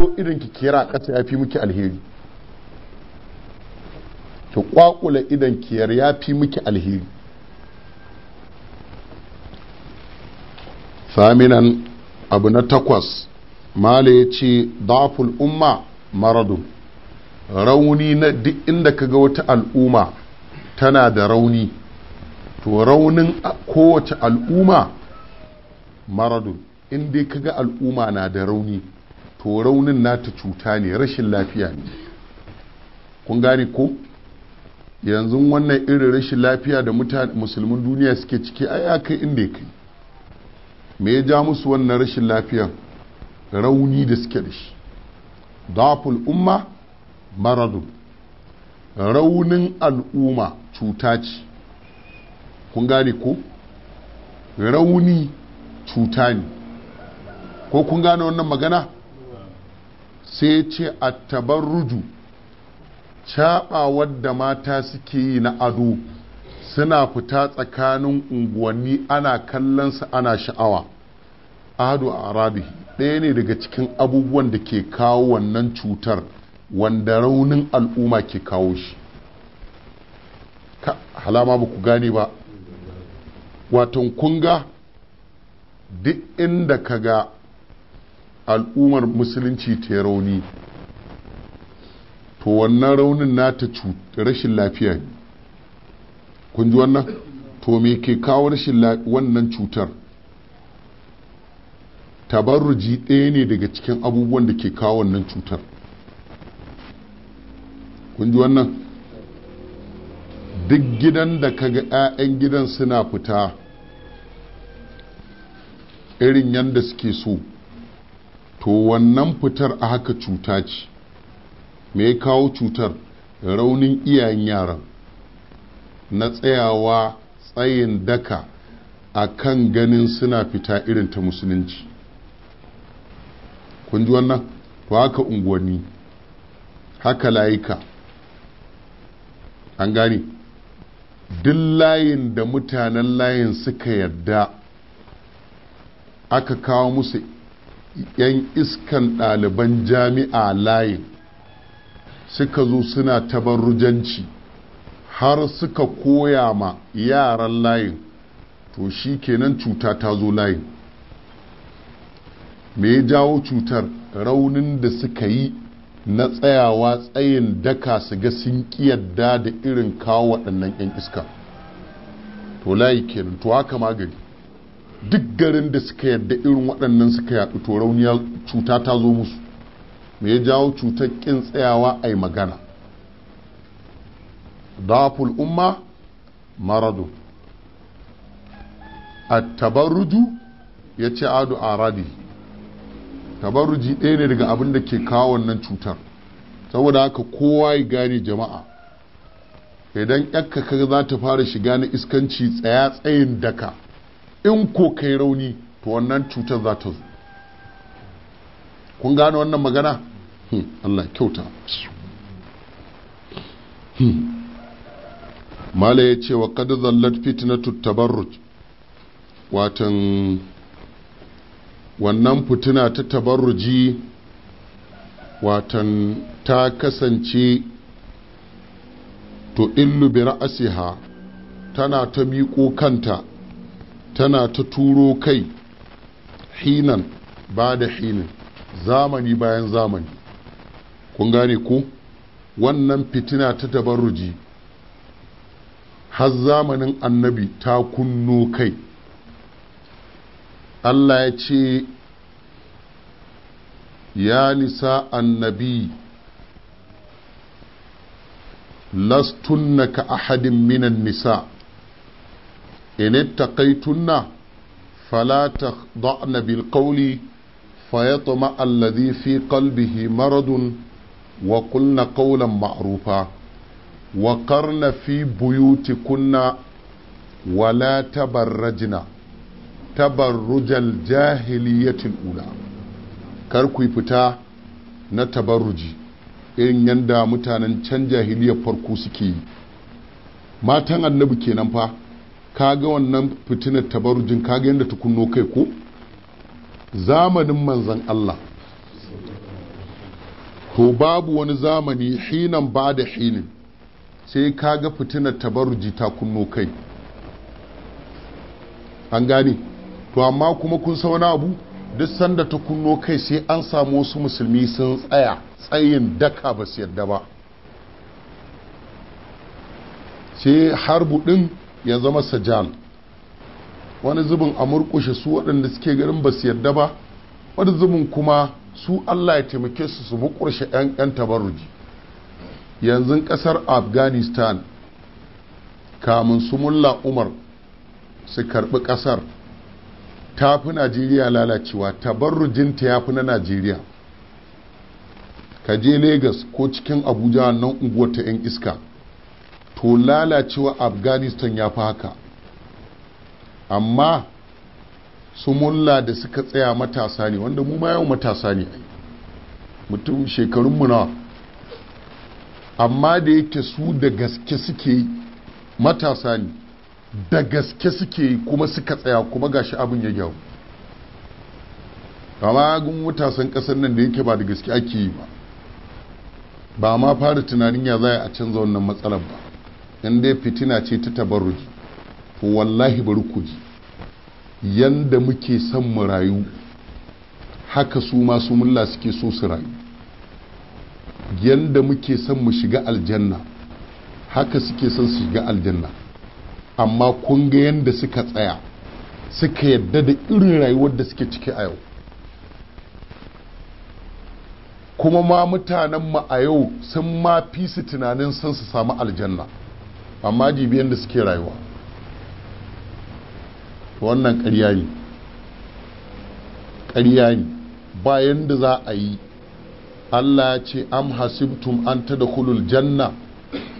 ko irin ki kera ƙasa ya fi miki alheri ki kwakula idan kiyar ya fi miki alheri saminan abu na takwas mala ya ce daful umma maradun rauni na duk inda kaga wata al'umma tana da rauni to raunin kowace al'umma maradu inda dai ga al'umma na da rauni to raunin nata cuta ne rashin lafiya ne kun gane ko yanzu wannan irin rashin lafiya da musulmin duniya suke ciki ai ya inda ya kai me ya ja musu wannan rashin lafiya rauni da suke da shi daful umma maradun raunin al'umma cuta ce kun gane ko rauni cuta ne ko kun gane wannan magana sai ce a ruju caɓawar da mata suke yi na ado suna fita tsakanin unguwanni ana kallonsa ana sha'awa ado a arabi ɗaya ne daga cikin abubuwan da ke kawo wannan cutar wanda raunin al'umma ke kawo shi halama ba ku gane ba watan kunga duk inda ka ga al'ummar musulunci ta rauni to wannan raunin na cuta rashin lafiya ne kun ji wannan to me ke kawo rashin wannan cutar tabarruji ɗaya ne daga cikin abubuwan da ke kawo wannan cutar kun ji wannan duk gidan da kaga 'ya'yan gidan suna fita irin yadda suke so to wannan fitar a haka cuta ce me ya kawo cutar raunin iyayen yaran na tsayawa tsayin daka a kan ganin suna fita irin ta musulunci kun ji wannan to haka unguwanni haka layika an gane duk layin da mutanen layin suka yarda aka kawo musu 'yan iskan ɗaliban jami'a layin suka zo suna tabarrujanci har suka koya ma yaran layin to shi kenan cuta ta zo layin me ya jawo cutar raunin da suka yi na tsayawa tsayin daka su ga sun yadda da irin kawo waɗannan 'yan iska to layi kenan to haka magani duk garin da suka yadda irin waɗannan suka yaɗu to rauniyar cuta ta zo musu me ya jawo cutar kin tsayawa a yi magana daful umma maradu a tabarruju ya ce adu a radi tabarruji ɗaya ne daga abin da ke kawo wannan cutar saboda haka kowa ya gane jama'a idan yakka ka za ta fara shiga na iskanci tsaya tsayin daka in ko kai rauni to wannan cutar za ta zo kun gane wannan magana hmm, Allah kyauta hmm. mala ya ce wa kada zallar fitnatu tabarruj watan wannan fitina ta tabarruji watan ta kasance to illu bi ra'asiha tana ta miƙo kanta tana ta turo kai hinan ba da hinan zamani bayan zamani kun gane ko wannan fitina ta tabarruji har zamanin annabi ta kunno kai Allah ya ce ya nisa annabi lastunna ka ahadin minan nisa' in ittaqaytunna fala taqda'na bil qawli fayatma alladhi fi qalbihi maradun wa qulna qawlan ma'rufa wa qarna fi buyutikunna ولا تبرجنا تبرج الجاهلية الأولى كركوي فتا نتبرجي irin yanda mutanen can jahiliyar farko suke yi matan annabi kenan fa kaga wannan fitinar tabarujin kaga yadda ta kunno kai ko zamanin manzan Allah to babu wani zamani hinan ba da hinin sai kaga fitinar tabaruji ta kunno kai an gane to amma kuma kun wani abu duk sanda ta kunno kai sai an samu wasu musulmi sun tsaya tsayin daka ba su yadda ba sai harbu din ya zama sajal wani zubin a murkushe su waɗanda suke ganin ba su yarda ba wani zubin kuma su allah ya taimake su su mukurshe 'yan tabarruji yanzu ƙasar afghanistan kamun su mulla umar su karɓi ƙasar ta fi najeriya lalacewa tabarrujinta ya fi na najeriya ka je Legas ko cikin abuja nan unguwar ta 'yan iska to lalacewa afghanistan ya fi haka amma su mulla da suka tsaya matasa ne wanda mu ma yau matasa ne mutum shekarunmu nawa amma da yake su da gaske suke yi matasa ne da gaske suke yi kuma suka tsaya kuma gashi abin ya gyaru kama gun matasan kasar nan da yake ba da gaske ake yi ba ba ma fara tunanin ya za a canza wannan matsalar ba yanda dai fitina ce ta tabarruki to wallahi bari ku ji yanda muke son mu rayu haka su masu mulla suke so su rayu yanda muke son mu shiga aljanna haka suke son su shiga aljanna amma kun ga yanda suka tsaya suka yadda da irin rayuwar da suke ciki a yau kuma ma mutanenmu a yau sun ma fi su tunanin sun su samu aljanna amma dibiyan da suke rayuwa wannan ƙarya ne ƙarya ne bayan da za a yi allah ya ce am hasibtum an ta da kulul janna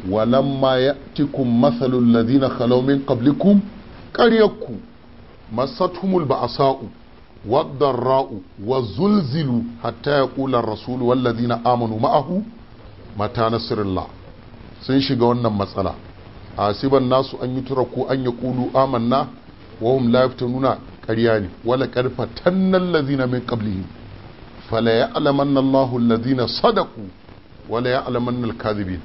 walamma ya tikun matsalul lazina khalomin kablikum ƙaryarku masatumul ba a sa'u والضراء وزلزلوا حتى يقول الرسول والذين آمنوا amanu متى نصر الله sun shiga wannan matsala asiban nasu an yi ko an yi kulu amanna wa hum la yaftununa ƙarya ne wala qarfa tannal lazina min qablihim fala ya'lamanna Allahu sadaku wala ya'lamanna al-kadhibin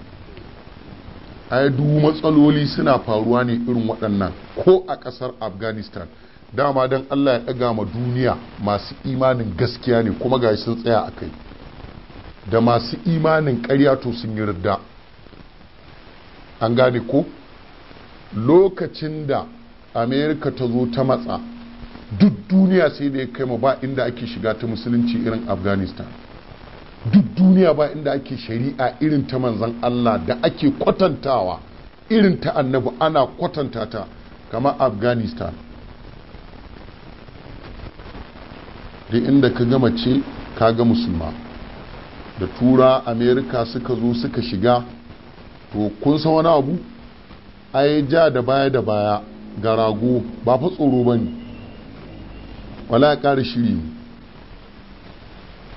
ai matsaloli suna faruwa ne irin waɗannan ko a ƙasar Afghanistan dama dan Allah ya ɗaga ma duniya masu imanin gaskiya ne kuma ga sun tsaya a kai da masu imanin ƙarya to sun yi ridda an gane ko lokacin da amerika ta zo ta matsa duk duniya sai da ya kai ba inda ake shiga ta musulunci irin afghanistan duk duniya ba inda ake shari'a irin ta manzan allah da ake kwatantawa irin ta annabu ana kwatanta ta kama afghanistan da inda ka gama ce ka ga musulma da tura amerika suka zo suka shiga to kun san wani abu ai ja da baya da baya ga rago ba fa tsoro ba ne wala ya ƙara shiri ne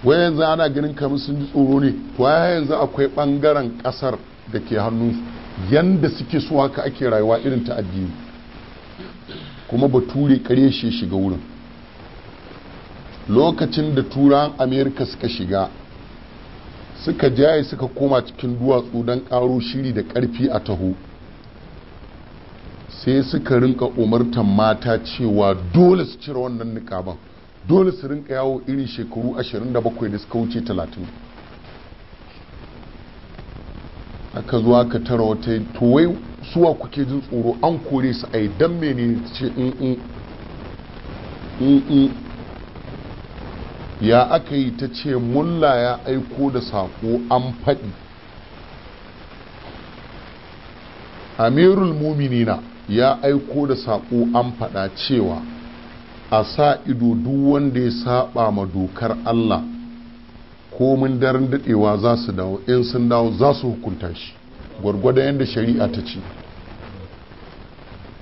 wai yanzu ana ganin kamar sun ji tsoro ne to ya yanzu akwai ɓangaren ƙasar da ke hannunsu yanda suke so haka ake rayuwa irin ta addini kuma ba ture ƙare shi shiga wurin lokacin da turan amerika suka shiga suka jaye suka koma cikin duwatsu don ƙaro shiri da karfi a taho sai suka rinka umartan mata cewa dole su cire wannan nikaban dole su rinka yawo irin shekaru 27 da suka wuce 30 aka zuwa ka tara wata towai suwa kuke jin tsoro an kore su a yi don menene ce in mm, mm, mm, ya aka yi ta ce mulla ya aiko da sako an faɗi amirul muminina ya aiko da sako an faɗa cewa a sa ido duk wanda ya saba ma dokar Allah komin daren daɗewa za su dawo in sun dawo za su hukunta shi gwargwadon yadda shari'a ta ce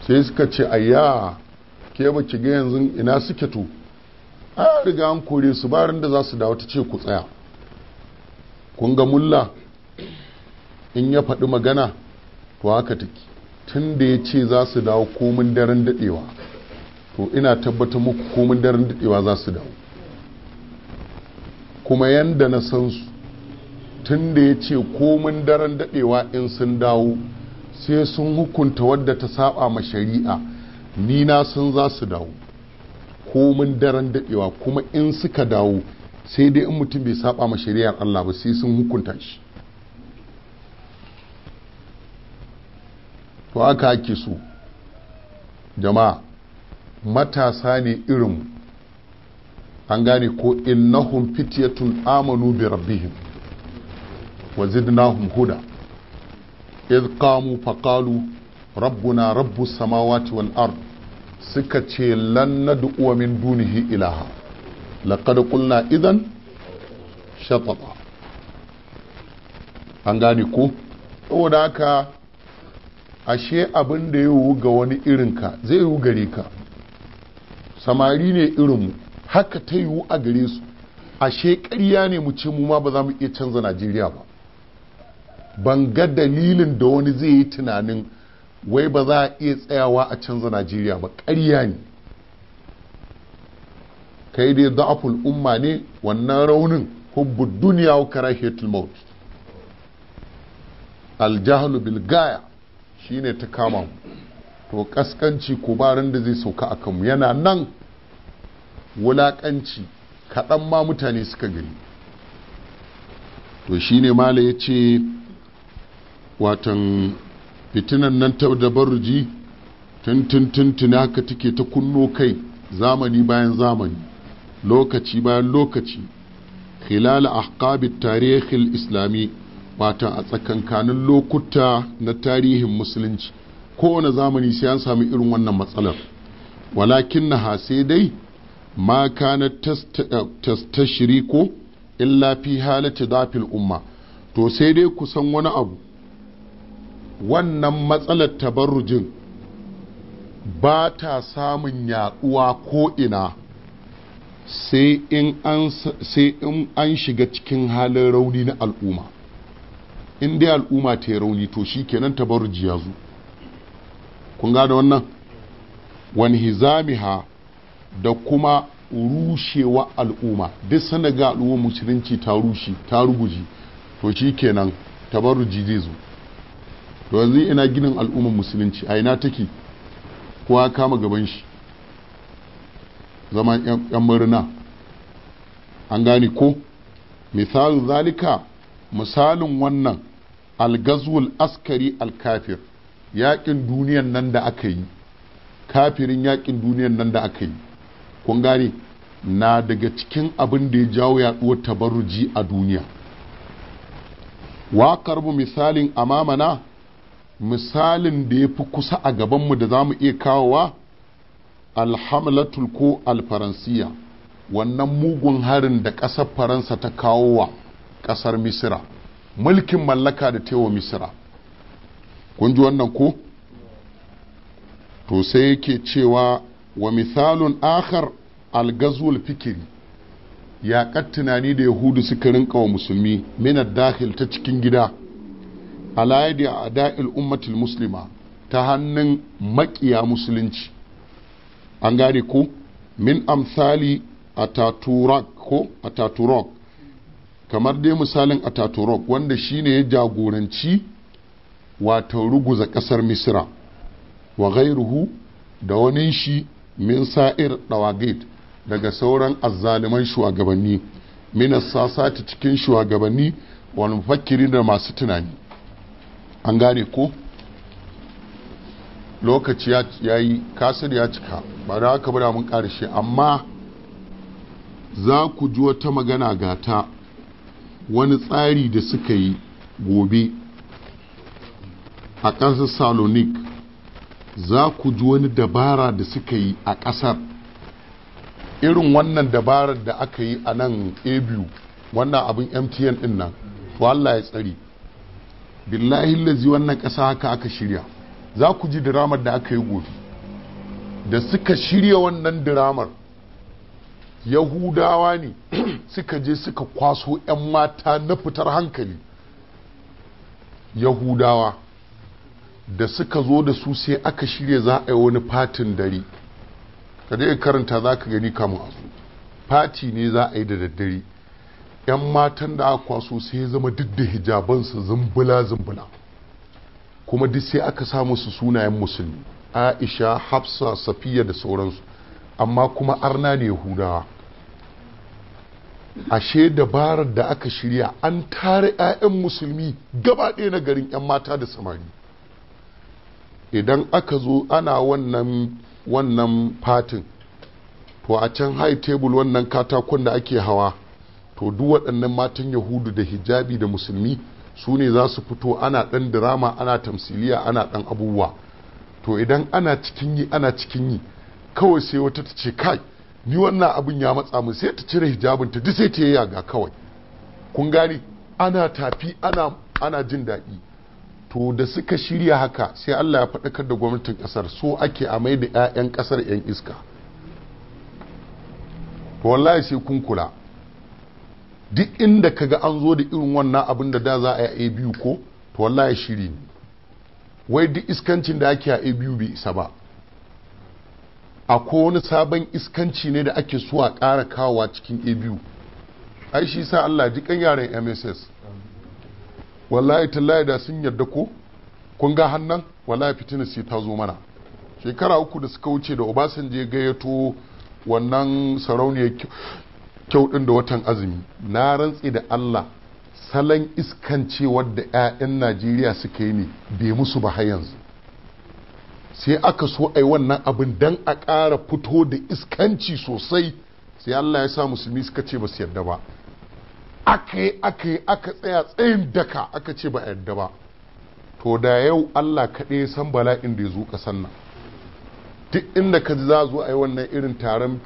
sai suka ce a ya ke ba ki ga yanzu ina suke to an riga an kore su ba da za su dawo ta ce ku tsaya kun ga mulla in ya faɗi magana to haka take tun da ya ce za su dawo komin daren daɗewa to ina tabbata muku komin daren daɗewa za su dawo kuma yanda na san su tun da ya ce komin daren daɗewa in sun dawo sai sun hukunta wadda ta saba ma shari'a ni na san za su dawo komin daren daɗewa kuma in suka dawo sai dai in mutum bai saba ma shari'ar Allah ba sai sun hukunta shi to aka ake so jama'a matasa ne irin an gane ko innahum fityatun amanu bi rabbihim wa zidnahum huda idh qamu faqalu rabbuna rabbus samawati wal ard suka ce lan na du'uwa min dunihi ilaha laqad qulna idan shatata an gane ko saboda haka ashe abin da ya yiwu ga wani irinka zai yiwu gare ka samari ne irin mu. haka ta yiwu a gare su ashe ƙarya ne mu ce mu ma ba za mu iya canza najeriya ba ban ga dalilin da wani zai yi tunanin wai ba za a iya tsayawa a canza najeriya ba ƙarya ne kai dai da'aful umma ne wannan raunin hubbu duniya wa kara maut Aljahalu Bilgaya shi ne ta kama mu to kaskanci barin da zai sauka a kanmu yana nan wulaƙanci kaɗan ma mutane suka gani to shi ne mala ya ce watan fitinan nan ta dabarji tuntuntuntuna ka take ta kunno kai zamani bayan zamani lokaci bayan lokaci khilal ahqabit tarihil islami wata a tsakankanin lokuta na tarihin musulunci kowane zamani sai an sami irin wannan matsalar walakin na sai dai ma kana ko illa fi halata dafil umma to sai dai kusan wani abu wannan matsalar tabarrujin ba ta samun yaɗuwa ko'ina sai in an shiga cikin halin rauni na al'umma in dai al'umma ta yi rauni to shi kenan tabarruji ya zo kun gada wannan wani hizamiha da kuma rushewa al'umma duk sanda ga al'umma musulunci ta rushe ta ruguji to shi kenan tabarruji zai zo to yanzu ina ginin al'umman musulunci a ina take kowa kama gaban shi zama yan murna an gane ko misalin zalika misalin wannan algazwul askari alkafir yakin duniyan nan da aka yi kafirin yakin duniyan nan da aka yi kun gane na daga cikin abin da ya jawo yaduwar tabarruji a duniya wa karbu misalin amamana misalin da ya fi kusa a gabanmu da za mu iya kawowa alhamlatul ko alfaransiya wannan mugun harin da ƙasar faransa ta kawo wa ƙasar misira mulkin mallaka da tewa misira kun ji wannan ko to sai yake cewa wa misalun akhar algazul fikiri yaƙar tunani da yahudu suka rinka wa musulmi minar dahil ta cikin gida alayadi a da'il ummatul muslima ta hannun makiya musulunci an gane ku min amsali ataturak ko ataturok kamar dai misalin ataturok wanda shine ya jagoranci wato ruguza kasar misira wa gairuhu da wani shi min sa'ir dawagid daga sauran azzaliman shugabanni minas sasati cikin shugabanni wani fakiri da masu tunani an gane ko lokaci ya yi kasir ya cika ba da haka bada mun karshe amma za ku ji wata magana gata wani tsari da suka yi gobe a ƙasar salonik za ku ji wani dabara da suka yi a ƙasar irin wannan dabarar da aka yi a nan abu wannan abin mtn din nan to allah ya tsari billahi lazi wannan ƙasa haka aka shirya za ku ji diramar da aka yi gobe da suka shirya wannan diramar yahudawa ne suka je suka kwaso 'yan mata na fitar hankali yahudawa da suka zo da su sai aka shirya za a yi wani fatin dare ka karanta za ka gani kamun a fati ne za a yi da daddare yan matan da aka kwaso sai ya zama duk da hijabansu zumbula zumbula kuma duk sai aka sa musu sunayen musulmi aisha hafsa safiya da sauransu amma kuma arna ne yahudawa ashe dabarar da aka shirya an tare 'ya'yan musulmi gaba ɗaya na garin 'yan mata da samari idan aka zo ana wannan wannan fatin to a can high table wannan katakon da ake hawa to duk waɗannan matan yahudu da hijabi da musulmi su ne za su fito ana ɗan dirama ana tamsiliya ana ɗan abubuwa to idan ana cikin yi ana cikin yi kawai sai wata ta ce kai ni wannan abin ya matsa mu sai ta cire hijabin ta duk sai ta ga kawai kun gane ana tafi ana ana jin daɗi to da suka shirya haka sai Allah ya faɗakar da gwamnatin ƙasar so ake a mai da 'ya'yan ƙasar 'yan iska to wallahi sai kun kula duk inda kaga an zo da irin wannan abin da da za a yi a biyu ko to wallahi shiri ne wai duk iskancin da ake a biyu bai isa ba akwai wani sabon iskanci ne da ake so a ƙara kawowa cikin a biyu ai shi sa Allah ji kan yaran MSS wallahi tallahi da sun yarda ko kun ga hannan wallahi fitina sai ta zo mana shekara uku da suka wuce da Obasanjo gayyato wannan sarauniyar kyau ɗin da watan azumi na rantsi da Allah salon iskancewar da 'ya'yan Najeriya suka yi ne bai musu ba har yanzu sai aka so a yi wannan abin don a ƙara fito da iskanci sosai sai Allah ya sa musulmi suka ce ba su yarda ba aka yi aka yi aka tsaya tsayin daka aka ce ba yarda ba to da yau Allah kaɗai san bala'in da ya zo ƙasan nan duk inda ka za zo a yi wannan irin taron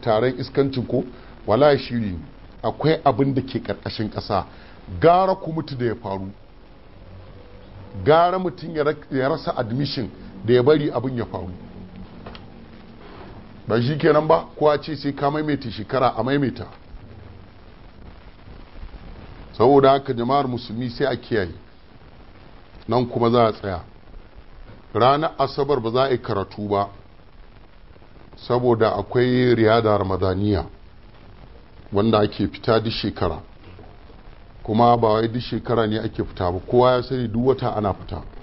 taron iskancin ko wala shiri akwai abin da ke karkashin ƙasa gara ku mutu da ya faru gara mutum ya rasa admission da ya bari abin ya faru ba shi kenan ba kuwa ce sai ka maimaita shekara a maimaita saboda haka jama'ar musulmi sai a kiyaye nan kuma za a tsaya ranar asabar ba za a yi karatu ba saboda akwai riyada ramadaniya wanda ake fita duk shekara kuma ba wai duk shekara ne ake fita ba kowa ya sani duk wata ana fita